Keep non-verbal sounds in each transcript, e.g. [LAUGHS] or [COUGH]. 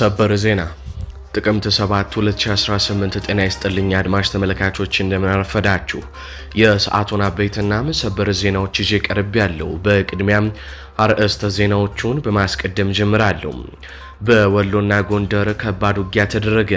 ሰበር ዜና ጥቅምት 7 2018። ጤና ይስጥልኝ አድማጭ ተመልካቾች እንደምናረፈዳችሁ የሰዓቱን አበይትና ሰበር ዜናዎች ይዤ ቀርብ ያለው። በቅድሚያም አርዕስተ ዜናዎቹን በማስቀደም ጀምራለሁ። በወሎና ጎንደር ከባድ ውጊያ ተደረገ።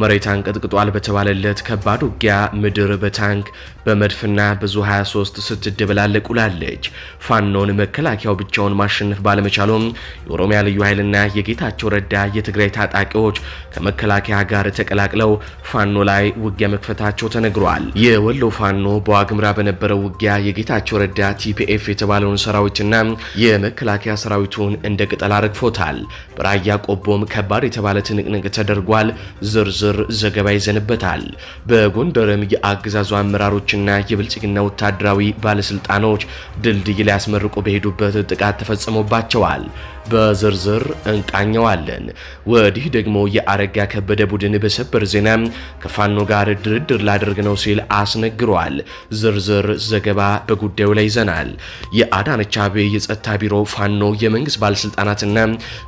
መሬት አንቀጥቅጧል በተባለለት ከባድ ውጊያ ምድር በታንክ በመድፍና ብዙ 23 ስትደበላለቅ ውላለች። ፋኖን መከላከያው ብቻውን ማሸነፍ ባለመቻሉም የኦሮሚያ ልዩ ኃይልና የጌታቸው ረዳ የትግራይ ታጣቂዎች ከመከላከያ ጋር ተቀላቅለው ፋኖ ላይ ውጊያ መክፈታቸው ተነግሯል። የወሎ ፋኖ በዋግምራ በነበረው ውጊያ የጌታቸው ረዳ ቲፒኤፍ የተባለውን ሰራዊትና የመከላከያ ሰራዊቱን እንደ ቅጠል አረግፎታል። በራያ ቆቦም ከባድ የተባለ ትንቅንቅ ተደርጓል። ዝርዝር ዝርዝር ዘገባ ይዘንበታል። በጎንደርም የአገዛዙ አመራሮችና የብልጽግና ወታደራዊ ባለስልጣኖች ድልድይ ላይ በሄዱበት ጥቃት ተፈጽሞባቸዋል። በዝርዝር እንቃኘዋለን። ወዲህ ደግሞ የአረጋ ከበደ ቡድን በሰበር ዜና ከፋኖ ጋር ድርድር ላደርግ ነው ሲል አስነግሯል። ዝርዝር ዘገባ በጉዳዩ ላይ ይዘናል። የአዳነች ቤ የጸጥታ ቢሮ ፋኖ የመንግስት ባለስልጣናትና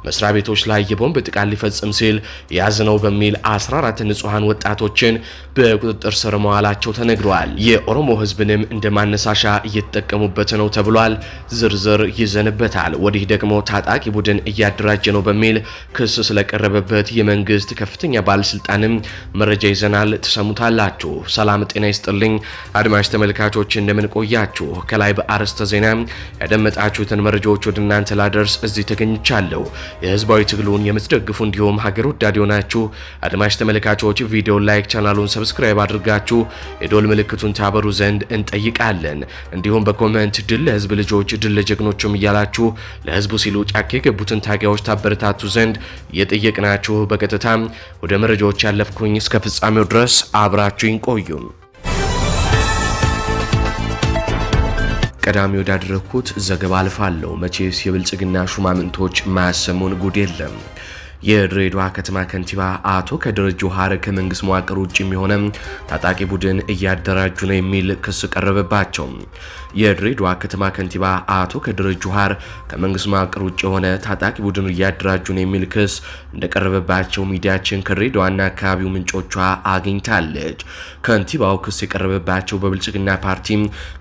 መስሪያ ቤቶች ላይ የቦምብ ጥቃት ሊፈጽም ሲል ያዝ ነው በሚል 14 ንጹሐን ወጣቶችን በቁጥጥር ስር መዋላቸው ተነግሯል። የኦሮሞ ህዝብንም እንደ ማነሳሻ እየተጠቀሙበት ነው ተብሏል። ዝርዝር ይዘንበታል። ወዲህ ደግሞ ታጣቂ ታጣቂ ቡድን እያደራጀ ነው በሚል ክስ ስለቀረበበት የመንግስት ከፍተኛ ባለስልጣንም መረጃ ይዘናል። ትሰሙታላችሁ። ሰላም ጤና ይስጥልኝ አድማጭ ተመልካቾች እንደምን ቆያችሁ? ከላይ በአርዕስተ ዜና ያደመጣችሁትን መረጃዎች ወደ እናንተ ላደርስ እዚህ ተገኝቻለሁ። የህዝባዊ ትግሉን የምትደግፉ እንዲሁም ሀገር ወዳድ የሆናችሁ አድማጭ ተመልካቾች ቪዲዮ ላይክ፣ ቻናሉን ሰብስክራይብ አድርጋችሁ የዶል ምልክቱን ታበሩ ዘንድ እንጠይቃለን። እንዲሁም በኮመንት ድል ለህዝብ ልጆች፣ ድል ለጀግኖቹም እያላችሁ ለህዝቡ ሲሉ ጫካ የገቡትን ታጋዮች ታበረታቱ ዘንድ እየጠየቅናችሁ በቀጥታ ወደ መረጃዎች ያለፍኩኝ። እስከ ፍጻሜው ድረስ አብራችሁኝ ቆዩ ቀዳሚ ወዳደረግኩት ዘገባ አልፋለሁ። መቼስ የብልጽግና ሹማምንቶች ማያሰሙን ጉድ የለም። የድሬዳዋ ከተማ ከንቲባ አቶ ከድር ጁሃር ከመንግስት መዋቅር ውጭ የሚሆነ ታጣቂ ቡድን እያደራጁ ነው የሚል ክስ ቀረበባቸው። የድሬዳዋ ከተማ ከንቲባ አቶ ከድር ጁሃር ከመንግስት መዋቅር ውጭ የሆነ ታጣቂ ቡድን እያደራጁ ነው የሚል ክስ እንደቀረበባቸው ሚዲያችን ከድሬዳዋና አካባቢው ምንጮቿ አግኝታለች። ከንቲባው ክስ የቀረበባቸው በብልጽግና ፓርቲ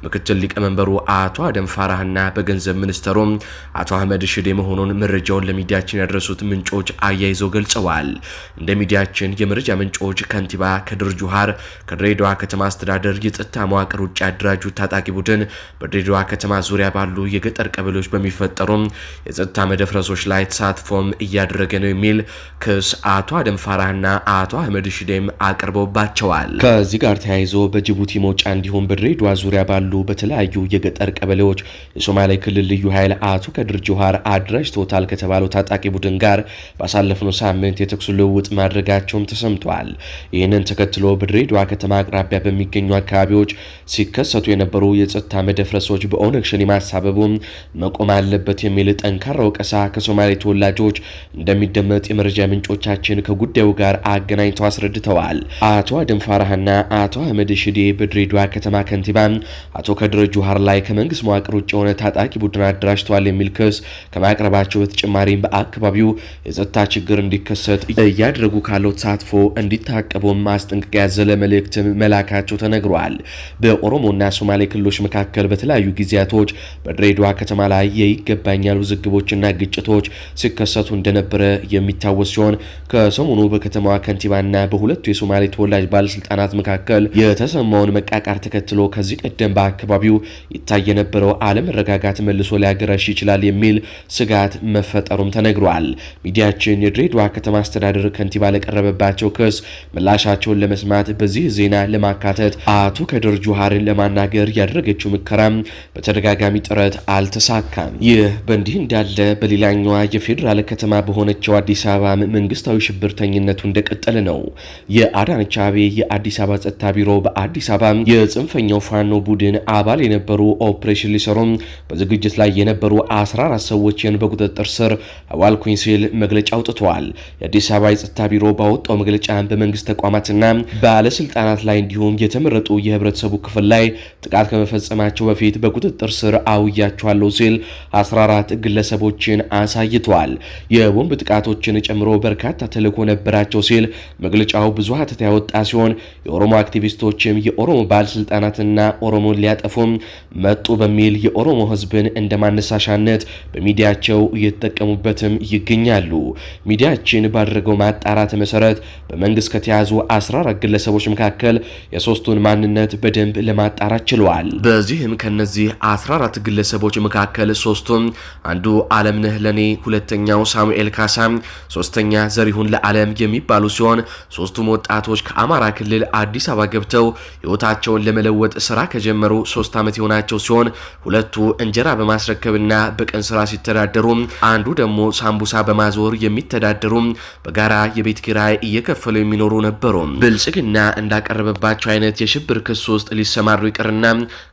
ምክትል ሊቀመንበሩ አቶ አደም ፋራህና በገንዘብ ሚኒስተሩ አቶ አህመድ ሽዴ መሆኑን መረጃውን ለሚዲያችን ያደረሱት ምንጮች አያይዘው ገልጸዋል። እንደ ሚዲያችን የመረጃ ምንጮች ከንቲባ ከድር ጁሃር ከድሬዳዋ ከተማ አስተዳደር የጸጥታ መዋቅር ውጭ አደራጁ ታጣቂ ቡድን በድሬዳዋ ከተማ ዙሪያ ባሉ የገጠር ቀበሌዎች በሚፈጠሩም የጸጥታ መደፍረሶች ላይ ተሳትፎም እያደረገ ነው የሚል ክስ አቶ አደም ፋራህና አቶ አህመድ ሽዴም አቅርበውባቸዋል። ከዚህ ጋር ተያይዞ በጅቡቲ መውጫ እንዲሁም በድሬዳዋ ዙሪያ ባሉ በተለያዩ የገጠር ቀበሌዎች የሶማሌ ክልል ልዩ ኃይል አቶ ከድር ጁሃር ቶታል ከተባለው ታጣቂ ቡድን ጋር ባሳለፍነው ሳምንት የተኩስ ልውውጥ ማድረጋቸውም ተሰምተዋል። ይህንን ተከትሎ በድሬዳዋ ከተማ አቅራቢያ በሚገኙ አካባቢዎች ሲከሰቱ የነበሩ የጸጥታ መደፍረሶች በኦነግ ሸኔ ማሳበቡ መቆም አለበት የሚል ጠንካራ ወቀሳ ከሶማሌ ተወላጆች እንደሚደመጥ የመረጃ ምንጮቻችን ከጉዳዩ ጋር አገናኝተው አስረድተዋል። አቶ አደም ፋራህና አቶ አህመድ ሽዴ በድሬዳዋ ከተማ ከንቲባ አቶ ከድረ ጁሃር ላይ ከመንግስት መዋቅር ውጭ የሆነ ታጣቂ ቡድን አደራጅተዋል የሚል ክስ ከማቅረባቸው በተጨማሪም በአካባቢው የጸጥታ ችግር እንዲከሰት እያደረጉ ካለው ተሳትፎ እንዲታቀቡም ማስጠንቀቂያ ያዘለ መልእክትም መላካቸው ተነግሯል። በኦሮሞና ሶማሌ ክልሎች መካከል በተለያዩ ጊዜያቶች በድሬዳዋ ከተማ ላይ የይገባኛል ውዝግቦችና ግጭቶች ሲከሰቱ እንደነበረ የሚታወስ ሲሆን ከሰሞኑ በከተማዋ ከንቲባና በሁለቱ የሶማሌ ተወላጅ ባለስልጣናት መካከል የተሰማውን መቃቃር ተከትሎ ከዚህ ቀደም በአካባቢው ይታይ የነበረው አለመረጋጋት መልሶ ሊያገረሽ ይችላል የሚል ስጋት መፈጠሩም ተነግሯል። ሚዲያችን ኮሚሽን የድሬዳዋ ከተማ አስተዳደር ከንቲባ ለቀረበባቸው ክስ ምላሻቸውን ለመስማት በዚህ ዜና ለማካተት አቶ ከድር ጁሃርን ለማናገር ያደረገችው ሙከራ በተደጋጋሚ ጥረት አልተሳካም። ይህ በእንዲህ እንዳለ በሌላኛዋ የፌዴራል ከተማ በሆነችው አዲስ አበባ መንግስታዊ ሽብርተኝነቱ እንደቀጠለ ነው። የአዳነች የአዲስ አበባ ጸጥታ ቢሮ በአዲስ አበባ የጽንፈኛው ፋኖ ቡድን አባል የነበሩ ኦፕሬሽን ሊሰሩ በዝግጅት ላይ የነበሩ 14 ሰዎችን በቁጥጥር ስር አዋልኩኝ ሲል መግለጫ አውጥተዋል። የአዲስ አበባ የጸጥታ ቢሮ ባወጣው መግለጫ በመንግስት ተቋማትና ባለስልጣናት ላይ እንዲሁም የተመረጡ የህብረተሰቡ ክፍል ላይ ጥቃት ከመፈጸማቸው በፊት በቁጥጥር ስር አውያቸዋለሁ ሲል 14 ግለሰቦችን አሳይተዋል። የቦምብ ጥቃቶችን ጨምሮ በርካታ ተልዕኮ ነበራቸው ሲል መግለጫው ብዙ ሀተታ ያወጣ ሲሆን የኦሮሞ አክቲቪስቶችም የኦሮሞ ባለስልጣናትና ኦሮሞን ሊያጠፉም መጡ በሚል የኦሮሞ ህዝብን እንደማነሳሻነት በሚዲያቸው እየተጠቀሙበትም ይገኛሉ። ሚዲያችን ባደረገው ማጣራት መሰረት በመንግስት ከተያዙ 14 ግለሰቦች መካከል የሶስቱን ማንነት በደንብ ለማጣራት ችለዋል። በዚህም ከነዚህ 14 ግለሰቦች መካከል ሶስቱም አንዱ አለምነህ ለኔ፣ ሁለተኛው ሳሙኤል ካሳ ሶስተኛ ዘሪሁን ለዓለም የሚባሉ ሲሆን ሶስቱም ወጣቶች ከአማራ ክልል አዲስ አበባ ገብተው ህይወታቸውን ለመለወጥ ስራ ከጀመሩ ሶስት ዓመት የሆናቸው ሲሆን ሁለቱ እንጀራ በማስረከብና በቀን ስራ ሲተዳደሩ አንዱ ደግሞ ሳምቡሳ በማዞር የሚ የሚተዳደሩ በጋራ የቤት ኪራይ እየከፈሉ የሚኖሩ ነበሩ። ብልጽግና እንዳቀረበባቸው አይነት የሽብር ክስ ውስጥ ሊሰማሩ ይቅርና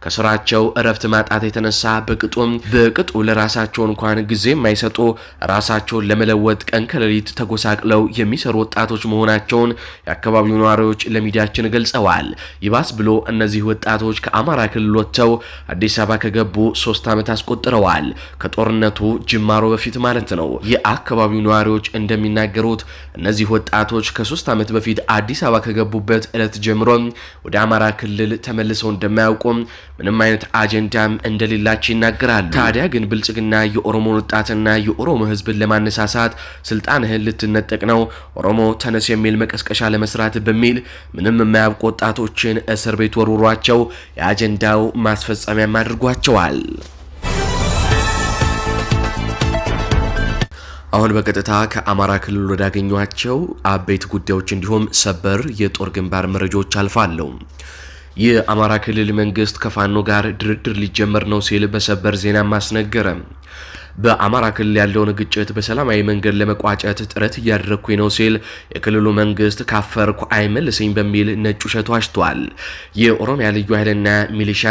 ከስራቸው እረፍት ማጣት የተነሳ በቅጡ በቅጡ ለራሳቸው እንኳን ጊዜ የማይሰጡ ራሳቸውን ለመለወጥ ቀን ከሌሊት ተጎሳቅለው የሚሰሩ ወጣቶች መሆናቸውን የአካባቢው ነዋሪዎች ለሚዲያችን ገልጸዋል። ይባስ ብሎ እነዚህ ወጣቶች ከአማራ ክልል ወጥተው አዲስ አበባ ከገቡ ሶስት ዓመት አስቆጥረዋል። ከጦርነቱ ጅማሮ በፊት ማለት ነው። የአካባቢው ነዋሪዎች ምንጮች እንደሚናገሩት እነዚህ ወጣቶች ከሶስት ዓመት በፊት አዲስ አበባ ከገቡበት ዕለት ጀምሮ ወደ አማራ ክልል ተመልሰው እንደማያውቁ ምንም አይነት አጀንዳም እንደሌላቸው ይናገራሉ። ታዲያ ግን ብልጽግና የኦሮሞን ወጣትና የኦሮሞ ህዝብን ለማነሳሳት ስልጣንህን ልትነጠቅ ነው፣ ኦሮሞ ተነስ የሚል መቀስቀሻ ለመስራት በሚል ምንም የማያውቁ ወጣቶችን እስር ቤት ወርውሯቸው የአጀንዳው ማስፈጸሚያም አድርጓቸዋል። አሁን በቀጥታ ከአማራ ክልል ወዳገኟቸው አበይት ጉዳዮች እንዲሁም ሰበር የጦር ግንባር መረጃዎች አልፋለሁ። የአማራ ክልል መንግስት ከፋኖ ጋር ድርድር ሊጀመር ነው ሲል በሰበር ዜና ማስነገረ በአማራ ክልል ያለውን ግጭት በሰላማዊ መንገድ ለመቋጨት ጥረት እያደረግኩኝ ነው ሲል የክልሉ መንግስት ካፈርኩ አይመልሰኝ በሚል ነጭ ውሸቱ አሽቷል። የኦሮሚያ ልዩ ኃይልና ሚሊሻ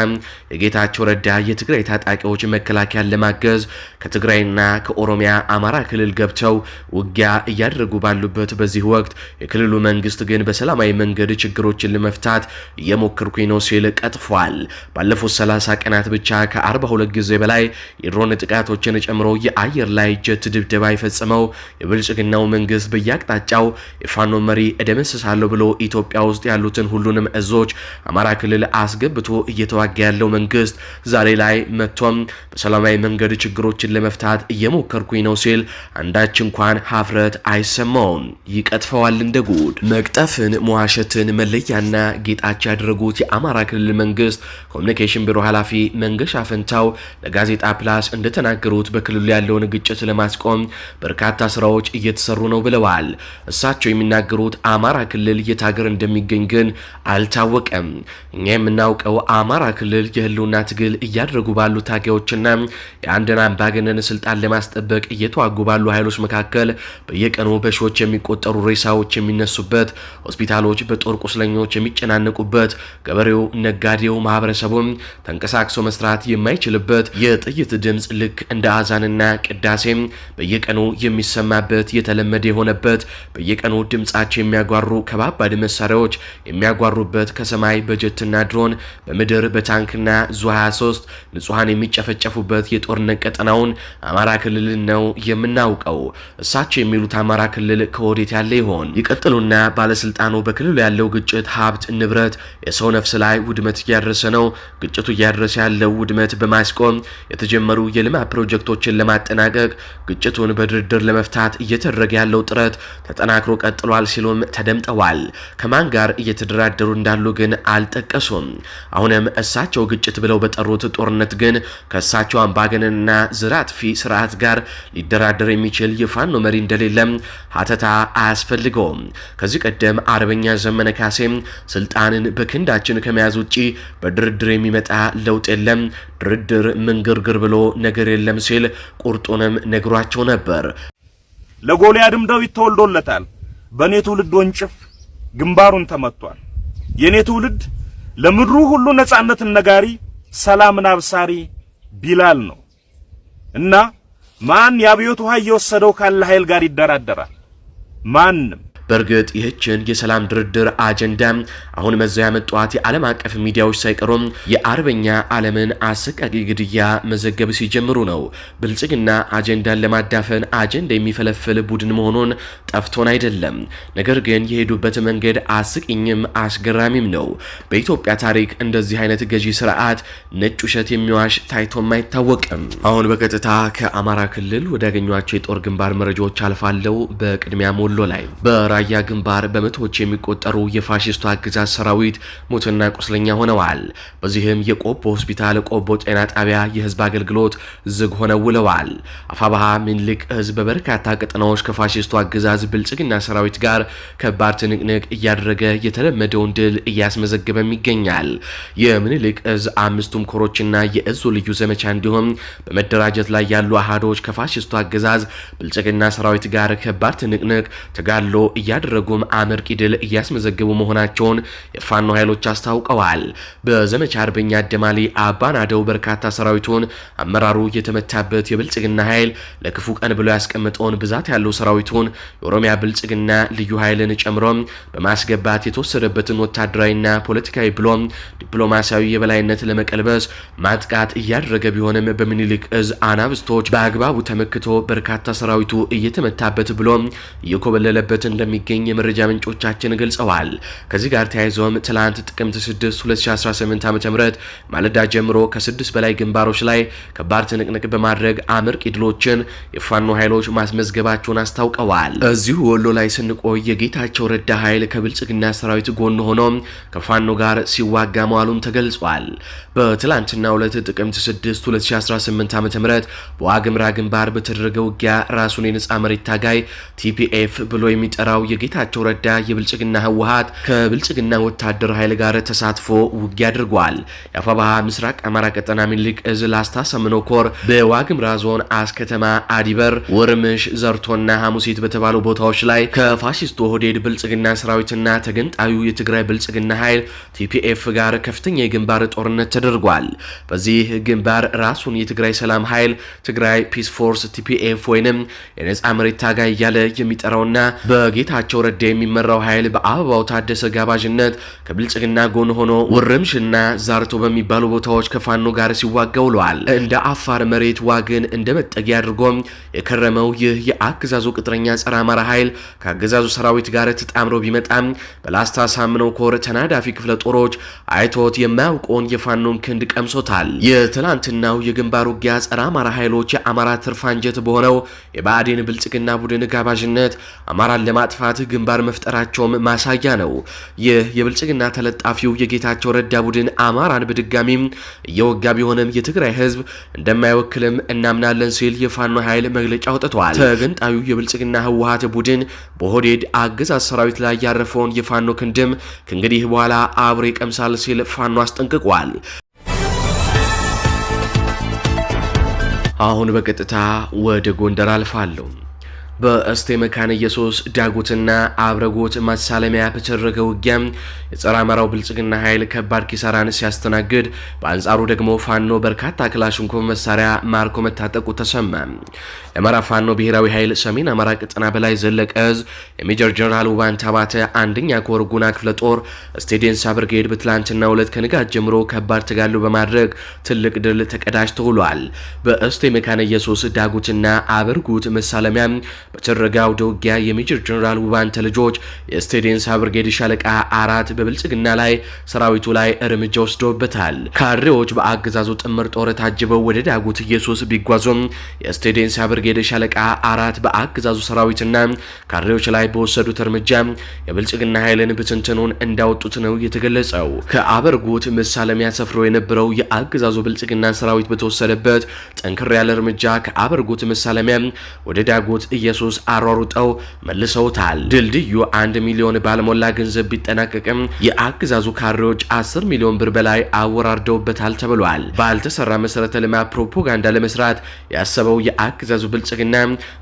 የጌታቸው ረዳ የትግራይ ታጣቂዎች መከላከያን ለማገዝ ከትግራይና ከኦሮሚያ አማራ ክልል ገብተው ውጊያ እያደረጉ ባሉበት በዚህ ወቅት የክልሉ መንግስት ግን በሰላማዊ መንገድ ችግሮችን ለመፍታት እየሞከርኩኝ ነው ሲል ቀጥፏል። ባለፉት 30 ቀናት ብቻ ከ42 ጊዜ በላይ የድሮን ጥቃቶችን ጨምሮ የአየር ላይ ጀት ድብደባ የፈጸመው የብልጽግናው መንግስት በየአቅጣጫው የፋኖ መሪ እደመስሳለሁ ብሎ ኢትዮጵያ ውስጥ ያሉትን ሁሉንም እዞች አማራ ክልል አስገብቶ እየተዋጋ ያለው መንግስት ዛሬ ላይ መጥቶም በሰላማዊ መንገድ ችግሮችን ለመፍታት እየሞከርኩኝ ነው ሲል አንዳች እንኳን ሀፍረት አይሰማውም። ይቀጥፈዋል እንደ ጉድ። መቅጠፍን፣ መዋሸትን መለያና ጌጣቸው ያደረጉት የአማራ ክልል መንግስት ኮሚኒኬሽን ቢሮ ኃላፊ መንገሻ ፈንታው ለጋዜጣ ፕላስ እንደተናገሩት በክልሉ ያለውን ግጭት ለማስቆም በርካታ ስራዎች እየተሰሩ ነው ብለዋል። እሳቸው የሚናገሩት አማራ ክልል የት ሀገር እንደሚገኝ ግን አልታወቀም። እኛ የምናውቀው አማራ ክልል የህልውና ትግል እያደረጉ ባሉ ታጋዮችና የአንድን አምባገነን ስልጣን ለማስጠበቅ እየተዋጉ ባሉ ኃይሎች መካከል በየቀኑ በሺዎች የሚቆጠሩ ሬሳዎች የሚነሱበት፣ ሆስፒታሎች በጦር ቁስለኞች የሚጨናነቁበት፣ ገበሬው፣ ነጋዴው፣ ማህበረሰቡም ተንቀሳቅሶ መስራት የማይችልበት የጥይት ድምፅ ልክ እንደ አዝ አዛንና ቅዳሴም በየቀኑ የሚሰማበት የተለመደ የሆነበት በየቀኑ ድምጻቸው የሚያጓሩ ከባባድ መሳሪያዎች የሚያጓሩበት ከሰማይ በጀትና ድሮን በምድር በታንክና ዙ 23 ንጹሐን የሚጨፈጨፉበት የጦርነት ቀጠናውን አማራ ክልልን ነው የምናውቀው። እሳቸው የሚሉት አማራ ክልል ከወዴት ያለ ይሆን? ይቀጥሉና ባለስልጣኑ በክልሉ ያለው ግጭት ሀብት፣ ንብረት፣ የሰው ነፍስ ላይ ውድመት እያደረሰ ነው። ግጭቱ እያደረሰ ያለው ውድመት በማስቆም የተጀመሩ የልማት ፕሮጀክቶች ግጭቶችን ለማጠናቀቅ ግጭቱን በድርድር ለመፍታት እየተደረገ ያለው ጥረት ተጠናክሮ ቀጥሏል ሲሉም ተደምጠዋል። ከማን ጋር እየተደራደሩ እንዳሉ ግን አልጠቀሱም። አሁንም እሳቸው ግጭት ብለው በጠሩት ጦርነት ግን ከእሳቸው አምባገነንና ዝራጥፊ ስርዓት ጋር ሊደራደር የሚችል የፋኖ መሪ እንደሌለም ሀተታ አያስፈልገውም። ከዚህ ቀደም አርበኛ ዘመነ ካሴም ስልጣንን በክንዳችን ከመያዝ ውጭ በድርድር የሚመጣ ለውጥ የለም ድርድር ምንግርግር ብሎ ነገር የለም ሲል ቁርጡንም ነግሯቸው ነበር። ለጎልያድም ዳዊት ተወልዶለታል። በእኔ ትውልድ ወንጭፍ ግንባሩን ተመቷል። የእኔ ትውልድ ለምድሩ ሁሉ ነጻነትን ነጋሪ፣ ሰላምን አብሳሪ ቢላል ነው እና ማን የአብዮት ውሃ እየወሰደው ካለ ኃይል ጋር ይደራደራል? ማንም በእርግጥ ይህችን የሰላም ድርድር አጀንዳ አሁን መዘው ያመጧት የዓለም አቀፍ ሚዲያዎች ሳይቀሩም የአርበኛ ዓለምን አሰቃቂ ግድያ መዘገብ ሲጀምሩ ነው። ብልጽግና አጀንዳን ለማዳፈን አጀንዳ የሚፈለፍል ቡድን መሆኑን ጠፍቶን አይደለም። ነገር ግን የሄዱበት መንገድ አስቂኝም አስገራሚም ነው። በኢትዮጵያ ታሪክ እንደዚህ አይነት ገዢ ስርዓት ነጭ ውሸት የሚዋሽ ታይቶም አይታወቅም። አሁን በቀጥታ ከአማራ ክልል ወዳገኟቸው የጦር ግንባር መረጃዎች አልፋለው። በቅድሚያ ሞሎ ላይ በራያ ግንባር በመቶዎች የሚቆጠሩ የፋሽስቱ አገዛዝ ሰራዊት ሞትና ቁስለኛ ሆነዋል። በዚህም የቆቦ ሆስፒታል፣ ቆቦ ጤና ጣቢያ የህዝብ አገልግሎት ዝግ ሆነው ውለዋል። አፋባሃ ምኒልክ ህዝብ በበርካታ ቀጠናዎች ከፋሽስቱ አገዛዝ ብልጽግና ሰራዊት ጋር ከባድ ትንቅንቅ እያደረገ የተለመደውን ድል እያስመዘገበም ይገኛል። የምኒልክ እዝ አምስቱም ኮሮችና የእዙ ልዩ ዘመቻ እንዲሁም በመደራጀት ላይ ያሉ አህዶች ከፋሽስቱ አገዛዝ ብልጽግና ሰራዊት ጋር ከባድ ትንቅንቅ ተጋድሎ እያደረጉም አመርቂ ድል እያስመዘገቡ መሆናቸውን የፋኖ ኃይሎች አስታውቀዋል። በዘመቻ አርበኛ አደማሊ አባናደው በርካታ ሰራዊቱን አመራሩ የተመታበት የብልጽግና ኃይል ለክፉ ቀን ብሎ ያስቀምጠውን ብዛት ያለው ሰራዊቱን የኦሮሚያ ብልጽግና ልዩ ኃይልን ጨምሮ በማስገባት የተወሰደበትን ወታደራዊና ፖለቲካዊ ብሎም ዲፕሎማሲያዊ የበላይነት ለመቀልበስ ማጥቃት እያደረገ ቢሆንም በምኒልክ እዝ አናብስቶች በአግባቡ ተመክቶ በርካታ ሰራዊቱ እየተመታበት ብሎም እየኮበለለበት እንደሚ እንደሚገኝ የመረጃ ምንጮቻችን ገልጸዋል። ከዚህ ጋር ተያይዞም ትላንት ጥቅምት 6 2018 ዓ.ም ማለዳ ጀምሮ ከስድስት በላይ ግንባሮች ላይ ከባድ ትንቅንቅ በማድረግ አመርቂ ድሎችን የፋኖ ኃይሎች ማስመዝገባቸውን አስታውቀዋል። እዚሁ ወሎ ላይ ስንቆይ የጌታቸው ረዳ ኃይል ከብልጽግና ሰራዊት ጎን ሆኖ ከፋኖ ጋር ሲዋጋ መዋሉም ተገልጿል። በትላንትና ሁለት ጥቅምት 6 2018 ዓ ም በዋግምራ ግንባር በተደረገ ውጊያ ራሱን የነፃ መሬት ታጋይ ቲፒኤፍ ብሎ የሚጠራው የጌታቸው ረዳ የብልጽግና ህወሀት ከብልጽግና ወታደር ኃይል ጋር ተሳትፎ ውጊያ አድርጓል። የአፋባሃ ምስራቅ አማራ ቀጠና ሚኒልክ እዝ ላስታ ሰምኖ ኮር በዋግምራ ዞን አስከተማ፣ አዲበር፣ ወርምሽ፣ ዘርቶና ሐሙሲት በተባሉ ቦታዎች ላይ ከፋሽስቱ ሆዴድ ብልጽግና ሰራዊትና ተገንጣዩ የትግራይ ብልጽግና ኃይል ቲፒኤፍ ጋር ከፍተኛ የግንባር ጦርነት ተደርጓል። በዚህ ግንባር ራሱን የትግራይ ሰላም ኃይል ትግራይ ፒስ ፎርስ ቲፒኤፍ ወይንም የነጻ መሬት ታጋይ እያለ የሚጠራውና በጌ በጌታቸው ረዳ የሚመራው ኃይል በአበባው ታደሰ ጋባዥነት ከብልጽግና ጎን ሆኖ ውርምሽና ዛርቶ በሚባሉ ቦታዎች ከፋኖ ጋር ሲዋጋ ውለዋል። እንደ አፋር መሬት ዋግን እንደ መጠጊያ አድርጎም የከረመው ይህ የአገዛዙ ቅጥረኛ ጸረ አማራ ኃይል ከአገዛዙ ሰራዊት ጋር ተጣምሮ ቢመጣም በላስታ ሳምነው ኮር ተናዳፊ ክፍለ ጦሮች አይቶት የማያውቀውን የፋኖን ክንድ ቀምሶታል። የትላንትናው የግንባር ውጊያ ጸረ አማራ ኃይሎች የአማራ ትርፋንጀት በሆነው የባዕዴን ብልጽግና ቡድን ጋባዥነት አማራን ለማጥፋት ለማጥፋት ግንባር መፍጠራቸውም ማሳያ ነው። ይህ የብልጽግና ተለጣፊው የጌታቸው ረዳ ቡድን አማራን በድጋሚም እየወጋ ቢሆንም የትግራይ ህዝብ እንደማይወክልም እናምናለን ሲል የፋኖ ኃይል መግለጫ አውጥቷል። ተገንጣዩ የብልጽግና ህወሀት ቡድን በሆዴድ አገዛዝ ሰራዊት ላይ ያረፈውን የፋኖ ክንድም ከእንግዲህ በኋላ አብሬ ቀምሳል ሲል ፋኖ አስጠንቅቋል። አሁን በቀጥታ ወደ ጎንደር አልፋለሁ። በእስቴ መካነ ኢየሱስ ዳጉትና አብረጎት ማሳለሚያ በተደረገ ውጊያ የጸረ አማራው ብልጽግና ኃይል ከባድ ኪሳራን ሲያስተናግድ፣ በአንጻሩ ደግሞ ፋኖ በርካታ ክላሽንኮቭ መሳሪያ ማርኮ መታጠቁ ተሰማ። የአማራ ፋኖ ብሔራዊ ኃይል ሰሜን አማራ ቅጥና በላይ ዘለቀ እዝ የሜጀር ጀነራል ውባን ታባተ አንደኛ ኮር ጉና ክፍለ ጦር እስቴ ዴንሳ ብርጌድ በትላንትና ሁለት ከንጋት ጀምሮ ከባድ ተጋድሎ በማድረግ ትልቅ ድል ተቀዳጅ ተውሏል። በእስቴ መካነ ኢየሱስ ዳጉትና አብርጉት መሳለሚያ በተደረገ አውደ ውጊያ የሜጀር ጀኔራል ውባንተ ልጆች የስቴዴንሳ ብርጌድ ሻለቃ አራት በብልጽግና ላይ ሰራዊቱ ላይ እርምጃ ወስዶበታል። ካድሬዎች በአገዛዙ ጥምር ጦር ታጅበው ወደ ዳጉት ኢየሱስ ቢጓዙም የስቴዴንሳ ብርጌድ ሻለቃ አራት በአገዛዙ ሰራዊትና ካድሬዎች ላይ በወሰዱት እርምጃ የብልጽግና ኃይልን ብትንትኑን እንዳወጡት ነው የተገለጸው። ከአበርጉት መሳለሚያ ሰፍሮ የነበረው የአገዛዙ ብልጽግና ሰራዊት በተወሰደበት ጠንከር ያለ እርምጃ ከአበርጉት መሳለሚያ ወደ ዳጉት ኢየሱስ ኢየሱስ አሯሩጠው መልሰውታል። ድልድዩ አንድ ሚሊዮን ባልሞላ ገንዘብ ቢጠናቀቅም የአገዛዙ ካድሬዎች 10 ሚሊዮን ብር በላይ አወራርደውበታል ተብሏል። ባልተሰራ መሰረተ ልማት ፕሮፓጋንዳ ለመስራት ያሰበው የአገዛዙ ብልጽግና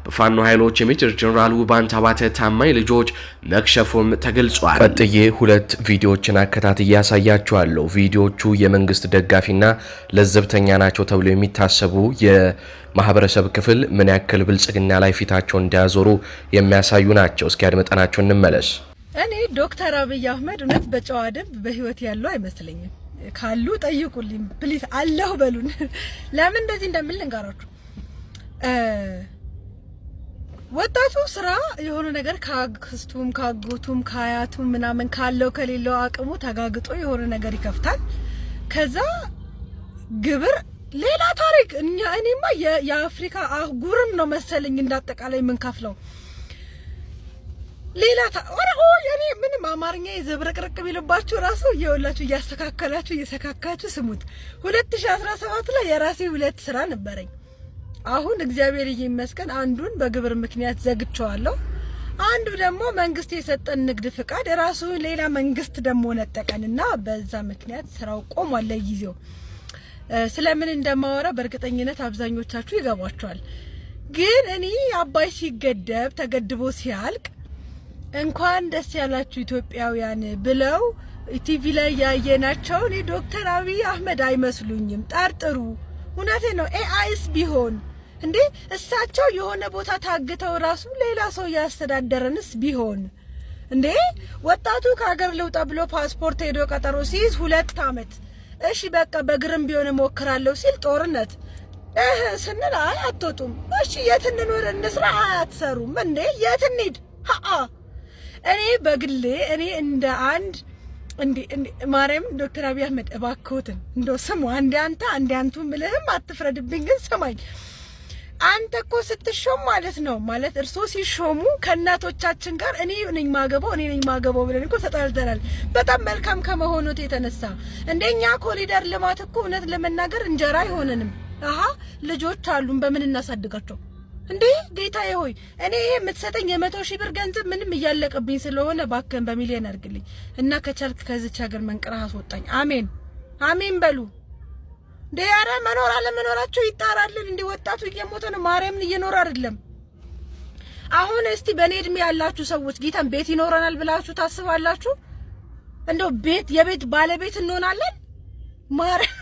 በፋኖ ኃይሎች የሜጀር ጀኔራል ውባን ታባተ ታማኝ ልጆች መክሸፉም ተገልጿል። ቀጥዬ ሁለት ቪዲዮዎችን አከታት እያሳያችኋለሁ። ቪዲዮዎቹ የመንግስት ደጋፊና ለዘብተኛ ናቸው ተብሎ የሚታሰቡ ማህበረሰብ ክፍል ምን ያክል ብልጽግና ላይ ፊታቸውን እንዳያዞሩ የሚያሳዩ ናቸው። እስኪ አድምጠናቸው እንመለስ። እኔ ዶክተር አብይ አህመድ እውነት በጨዋ ደንብ በህይወት ያለው አይመስለኝም። ካሉ ጠይቁልኝ ፕሊዝ፣ አለሁ በሉን። [LAUGHS] ለምን እንደዚህ እንደምል ልንገራችሁ። ወጣቱ ስራ የሆነ ነገር ከአክስቱም ከአጎቱም ከአያቱም ምናምን ካለው ከሌለው አቅሙ ተጋግጦ የሆነ ነገር ይከፍታል። ከዛ ግብር ሌላ ታሪክ እኛ እኔማ የአፍሪካ አህጉርም ነው መሰለኝ እንዳጠቃላይ የምንከፍለው ሌላ ታ የኔ ምንም አማርኛ የዘብረቅርቅ ቢልባችሁ ራሱ እየወላችሁ እያስተካከላችሁ እየሰካካችሁ ስሙት። ሁለት ሺ አስራ ሰባት ላይ የራሴ ሁለት ስራ ነበረኝ። አሁን እግዚአብሔር ይመስገን አንዱን በግብር ምክንያት ዘግቸዋለሁ። አንዱ ደግሞ መንግስት የሰጠን ንግድ ፍቃድ ራሱ ሌላ መንግስት ደግሞ ነጠቀንና በዛ ምክንያት ስራው ቆሟል ለጊዜው። ስለምን እንደማወራ በእርግጠኝነት አብዛኞቻችሁ ይገባችኋል። ግን እኔ አባይ ሲገደብ ተገድቦ ሲያልቅ እንኳን ደስ ያላችሁ ኢትዮጵያውያን ብለው ቲቪ ላይ ያየናቸው እኔ ዶክተር አብይ አህመድ አይመስሉኝም። ጠርጥሩ። እውነቴ ነው። ኤአይስ ቢሆን እንዴ እሳቸው የሆነ ቦታ ታግተው ራሱ ሌላ ሰው ያስተዳደረንስ ቢሆን እንዴ ወጣቱ ከሀገር ልውጣ ብሎ ፓስፖርት ሄዶ ቀጠሮ ሲይዝ ሁለት አመት እሺ በቃ በግርም ቢሆን እሞክራለሁ ሲል ጦርነት እህ ስንል አይ አትወጡም፣ እሺ የት እንኖር እንስራ፣ አትሰሩም እንዴ የት እንሂድ? ሀአ እኔ በግሌ እኔ እንደ አንድ ማርያም ዶክተር አብይ አህመድ እባክዎትን እንደው ስሙ አንዴ አንተ አንዴ አንቱ ምልህም አትፍረድብኝ፣ ግን ስማኝ አንተ እኮ ስትሾም ማለት ነው ማለት እርሶ ሲሾሙ ከእናቶቻችን ጋር እኔ ነኝ ማገበው እኔ ነኝ ማገበው ብለን እኮ ተጠልጠላል። በጣም መልካም ከመሆኑት የተነሳ እንደኛ ኮሪደር ልማት እኮ እውነት ለመናገር እንጀራ አይሆንንም። አሀ ልጆች አሉን፣ በምን እናሳድጋቸው? እንዴ ጌታዬ ሆይ እኔ ይሄ የምትሰጠኝ የመቶ ሺህ ብር ገንዘብ ምንም እያለቀብኝ ስለሆነ ባከን በሚሊዮን አድርግልኝ እና ከቻልክ ከዚች ሀገር መንቅረህ አስወጣኝ። አሜን አሜን በሉ። እንደ ኧረ መኖር አለመኖራቸው ይጣራልን። እንደ ወጣቱ እየሞተ ነው። ማርያምን እየኖረ አይደለም። አሁን እስቲ በእኔ እድሜ ያላችሁ ሰዎች ጌታን ቤት ይኖረናል ብላችሁ ታስባላችሁ? እንደው ቤት የቤት ባለቤት እንሆናለን? ማርያም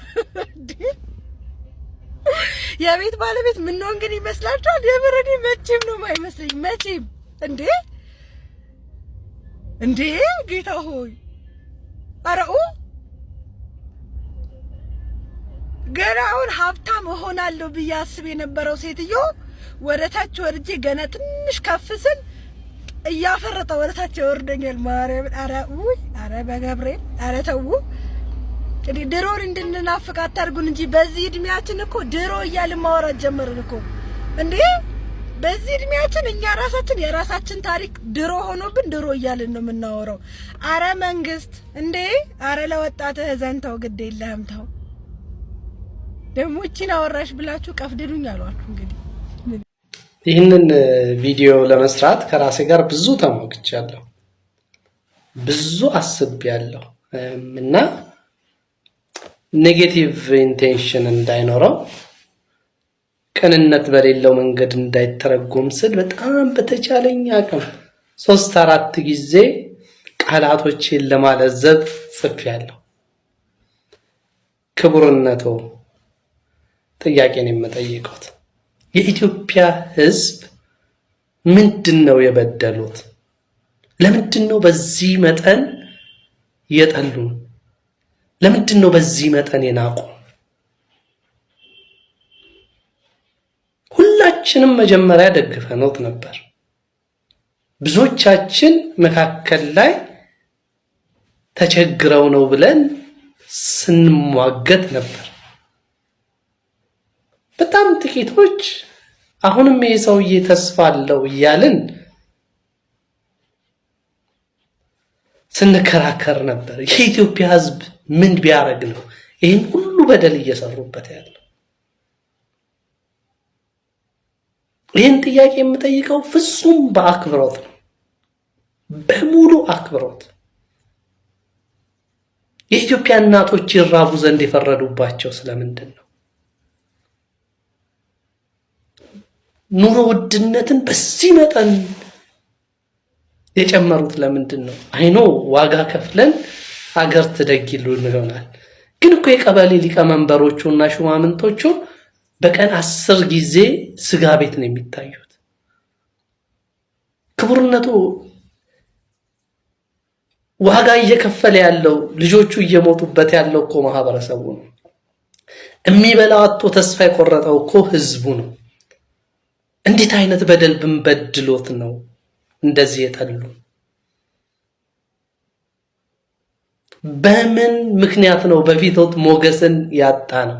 የቤት ባለቤት ምንሆን ግን ይመስላችኋል? የምር መቼም ነው የማይመስለኝ። መቼም እንዴ እንዴ ጌታ ሆይ አረኡ ገና ሀብታም እሆናለሁ ብዬ አስብ የነበረው ሴትዮ ወደ ታች ወርጄ ገና ትንሽ ከፍ ስል እያፈረጠ ወደ ታች ይወርደኛል። ማርያም አረ ውይ አረ በገብርኤል አረ ተዉ እንግዲህ ድሮን እንድንናፍቅ አታርጉን እንጂ በዚህ እድሜያችን እኮ ድሮ እያልን ማወራት ጀመርን እኮ እንዴ! በዚህ እድሜያችን እኛ ራሳችን የራሳችን ታሪክ ድሮ ሆኖብን ድሮ እያልን ነው የምናወራው። አረ መንግስት እንዴ! አረ ለወጣትህ ዘንተው ግድ የለህም ተው። ደግሞ እቺን አወራሽ ብላችሁ ቀፍድዱኝ አሏችሁ። እንግዲህ ይህንን ቪዲዮ ለመስራት ከራሴ ጋር ብዙ ተሟግቻለሁ፣ ብዙ አስቤያለሁ እና ኔጌቲቭ ኢንቴንሽን እንዳይኖረው ቅንነት በሌለው መንገድ እንዳይተረጎም ስል በጣም በተቻለኝ አቅም ሶስት አራት ጊዜ ቃላቶችን ለማለዘብ ጽፌያለሁ። ክቡርነቶ ጥያቄን የምጠይቀት የኢትዮጵያ ሕዝብ ምንድን ነው የበደሉት? ለምንድን ነው በዚህ መጠን የጠሉ? ለምንድን ነው በዚህ መጠን የናቁ? ሁላችንም መጀመሪያ ደግፈኖት ነበር። ብዙዎቻችን መካከል ላይ ተቸግረው ነው ብለን ስንሟገት ነበር። በጣም ጥቂቶች አሁንም ይሄ ሰውዬ ተስፋ አለው እያልን ስንከራከር ነበር። የኢትዮጵያ ሕዝብ ምን ቢያደርግ ነው ይህን ሁሉ በደል እየሰሩበት ያለው? ይህን ጥያቄ የምጠይቀው ፍጹም በአክብሮት ነው፣ በሙሉ አክብሮት። የኢትዮጵያ እናቶች ይራቡ ዘንድ የፈረዱባቸው ስለምንድን ነው? ኑሮ ውድነትን በዚህ መጠን የጨመሩት ለምንድን ነው? አይኖ ዋጋ ከፍለን አገር ትደግ ይሆናል። ግን እኮ የቀበሌ ሊቀመንበሮቹ እና ሹማምንቶቹ በቀን አስር ጊዜ ስጋ ቤት ነው የሚታዩት። ክቡርነቱ ዋጋ እየከፈለ ያለው ልጆቹ እየሞቱበት ያለው እኮ ማህበረሰቡ ነው። የሚበላው አቶ ተስፋ የቆረጠው እኮ ህዝቡ ነው። እንዴት አይነት በደል ብንበድሎት ነው እንደዚህ የጠሉ? በምን ምክንያት ነው በፊቶት ሞገስን ያጣ ነው?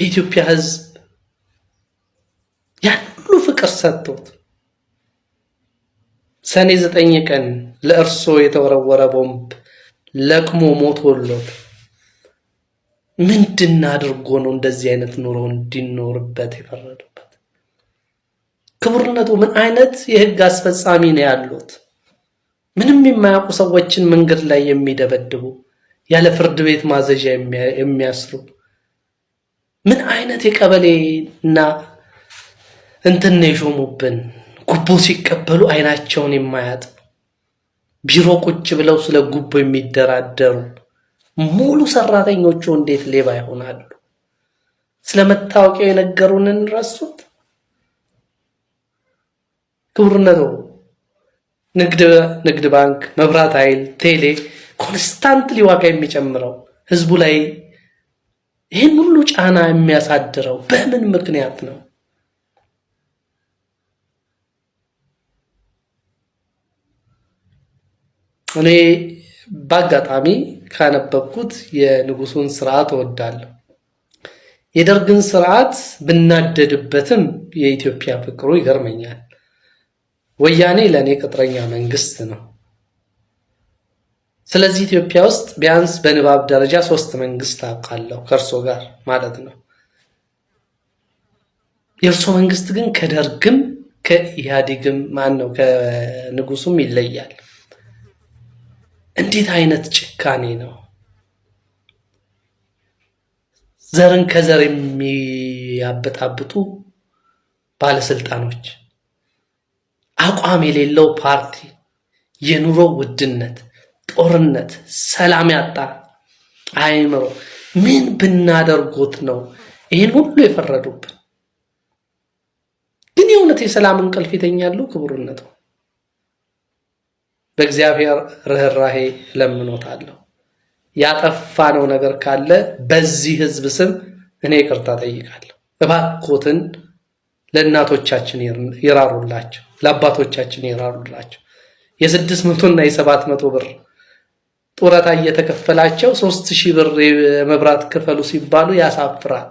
የኢትዮጵያ ሕዝብ ያሉ ፍቅር ሰጥቶት ሰኔ ዘጠኝ ቀን ለእርሶ የተወረወረ ቦምብ ለቅሞ ሞቶሎት ምንድን አድርጎ ነው እንደዚህ አይነት ኑሮ እንዲኖርበት የፈረደበት? ክቡርነቱ ምን አይነት የህግ አስፈጻሚ ነው ያሉት? ምንም የማያውቁ ሰዎችን መንገድ ላይ የሚደበድቡ ያለ ፍርድ ቤት ማዘዣ የሚያስሩ ምን አይነት የቀበሌና እንትን የሾሙብን ጉቦ ሲቀበሉ አይናቸውን የማያጥ ቢሮ ቁጭ ብለው ስለ ጉቦ የሚደራደሩ ሙሉ ሰራተኞቹ እንዴት ሌባ ይሆናሉ? ስለ የነገሩን የነገሩንን ረሱት። ንግድ ንግድ ባንክ፣ መብራት ኃይል፣ ቴሌ ኮንስታንትሊ ዋጋ የሚጨምረው ህዝቡ ላይ ይህን ሁሉ ጫና የሚያሳድረው በምን ምክንያት ነው? እኔ በአጋጣሚ ካነበብኩት የንጉሱን ስርዓት እወዳለሁ። የደርግን ስርዓት ብናደድበትም የኢትዮጵያ ፍቅሩ ይገርመኛል። ወያኔ ለእኔ ቅጥረኛ መንግስት ነው። ስለዚህ ኢትዮጵያ ውስጥ ቢያንስ በንባብ ደረጃ ሶስት መንግስት አውቃለሁ ከእርሶ ጋር ማለት ነው። የእርሶ መንግስት ግን ከደርግም ከኢህአዴግም ማን ነው ከንጉሱም ይለያል። እንዴት አይነት ጭካኔ ነው! ዘርን ከዘር የሚያበጣብጡ ባለስልጣኖች፣ አቋም የሌለው ፓርቲ፣ የኑሮ ውድነት፣ ጦርነት፣ ሰላም ያጣ አይምሮ ምን ብናደርጎት ነው ይህን ሁሉ የፈረዱብን? ግን የእውነት የሰላም እንቅልፍ ይተኛሉ? ክቡርነቱ በእግዚአብሔር ርኅራሄ ያጠፋ ያጠፋነው ነገር ካለ በዚህ ሕዝብ ስም እኔ ይቅርታ ጠይቃለሁ። እባኮትን ለእናቶቻችን ይራሩላቸው፣ ለአባቶቻችን ይራሩላቸው። የስድስት መቶና የሰባት መቶ ብር ጡረታ እየተከፈላቸው ሶስት ሺህ ብር የመብራት ክፈሉ ሲባሉ ያሳፍራል።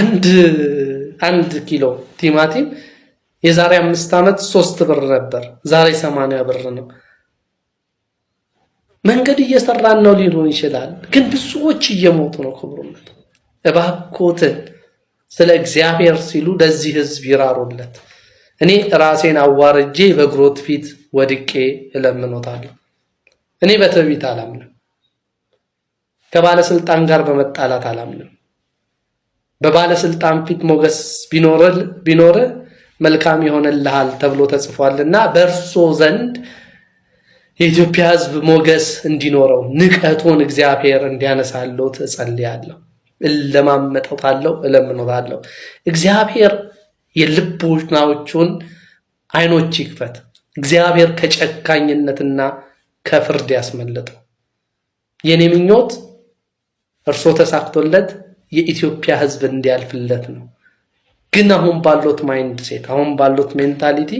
አንድ አንድ ኪሎ ቲማቲም የዛሬ አምስት ዓመት ሶስት ብር ነበር፣ ዛሬ ሰማንያ ብር ነው። መንገድ እየሰራን ነው ሊሉን ይችላል፣ ግን ብዙዎች እየሞቱ ነው። ክቡርነት እባኮት ስለ እግዚአብሔር ሲሉ ለዚህ ህዝብ ይራሩለት። እኔ ራሴን አዋርጄ በግሮት ፊት ወድቄ እለምኖታለሁ። እኔ በትዕቢት አላምንም። ከባለስልጣን ጋር በመጣላት አላምንም። በባለስልጣን ፊት ሞገስ ቢኖር መልካም ይሆንልሃል ተብሎ ተጽፏልና በእርሶ ዘንድ የኢትዮጵያ ሕዝብ ሞገስ እንዲኖረው ንቀቱን እግዚአብሔር እንዲያነሳለው ትጸልያለሁ፣ እለማመጠታለሁ፣ እለምኖታለሁ። እግዚአብሔር የልቦናዎቹን አይኖች ይክፈት። እግዚአብሔር ከጨካኝነትና ከፍርድ ያስመለጠው የኔ ምኞት እርሶ ተሳክቶለት የኢትዮጵያ ሕዝብ እንዲያልፍለት ነው። ግን አሁን ባሉት ማይንድ ሴት አሁን ባሉት ሜንታሊቲ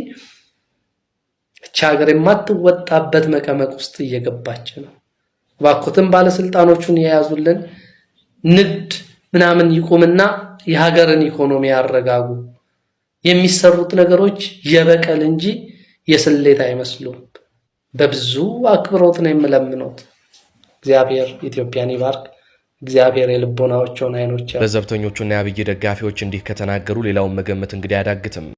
እቺ ሀገር የማትወጣበት መቀመቅ ውስጥ እየገባች ነው። ባኮትን ባለስልጣኖቹን የያዙልን ንግድ ምናምን ይቁምና የሀገርን ኢኮኖሚ ያረጋጉ። የሚሰሩት ነገሮች የበቀል እንጂ የስሌት አይመስሉም። በብዙ አክብሮት ነው የምለምኖት። እግዚአብሔር ኢትዮጵያን ይባርክ። እግዚአብሔር የልቦናዎቸውን አይኖች። በዘብተኞቹና የአብይ ደጋፊዎች እንዲህ ከተናገሩ ሌላውን መገመት እንግዲህ አያዳግትም።